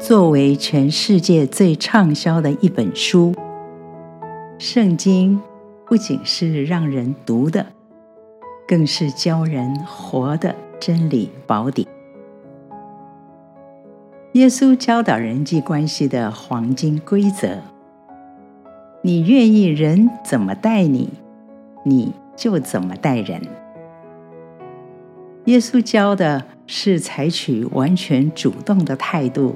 作為全世界最暢銷的一本書，《聖經》不僅是讓人讀的，更是教人活的真理寶典。耶穌教導人際關係的黃金規則：你願意人怎麼待你，你就怎麼待人。耶穌教的是採取完全主動的態度。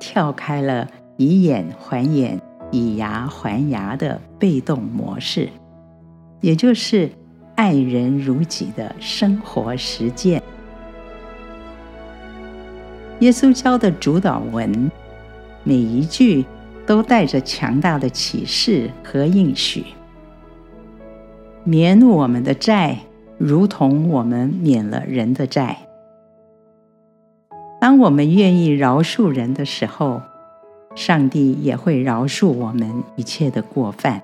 跳開了以眼還眼、以牙還牙的被動模式，也就是愛人如己的生活實踐。耶穌教的主禱文，每一句都帶着強大的啟示和應許：免我們的債，如同我們免了人的債。當我們願意饒恕人的時候，上帝也會饒恕我們一切的過犯。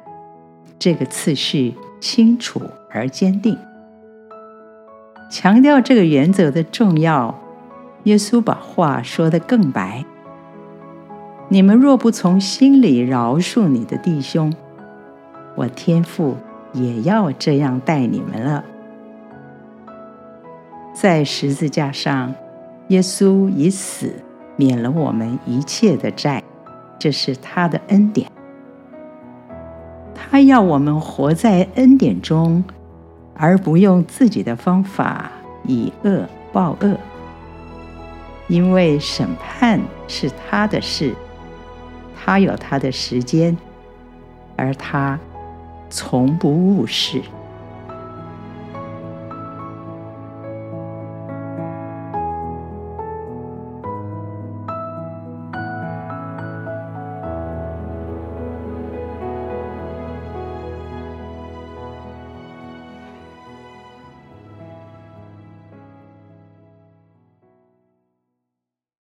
這個次序清楚而堅定，強調這個原則的重要。耶穌把話說得更白：“你們若不從心裡饒恕你的弟兄，我天父也要這樣待你們了。”在十字架上。耶穌以死，免了我們一切的債，這是他的恩典。他要我們活在恩典中，而不用自己的方法以惡報惡，因為審判是他的事，他有他的時間，而他從不誤事。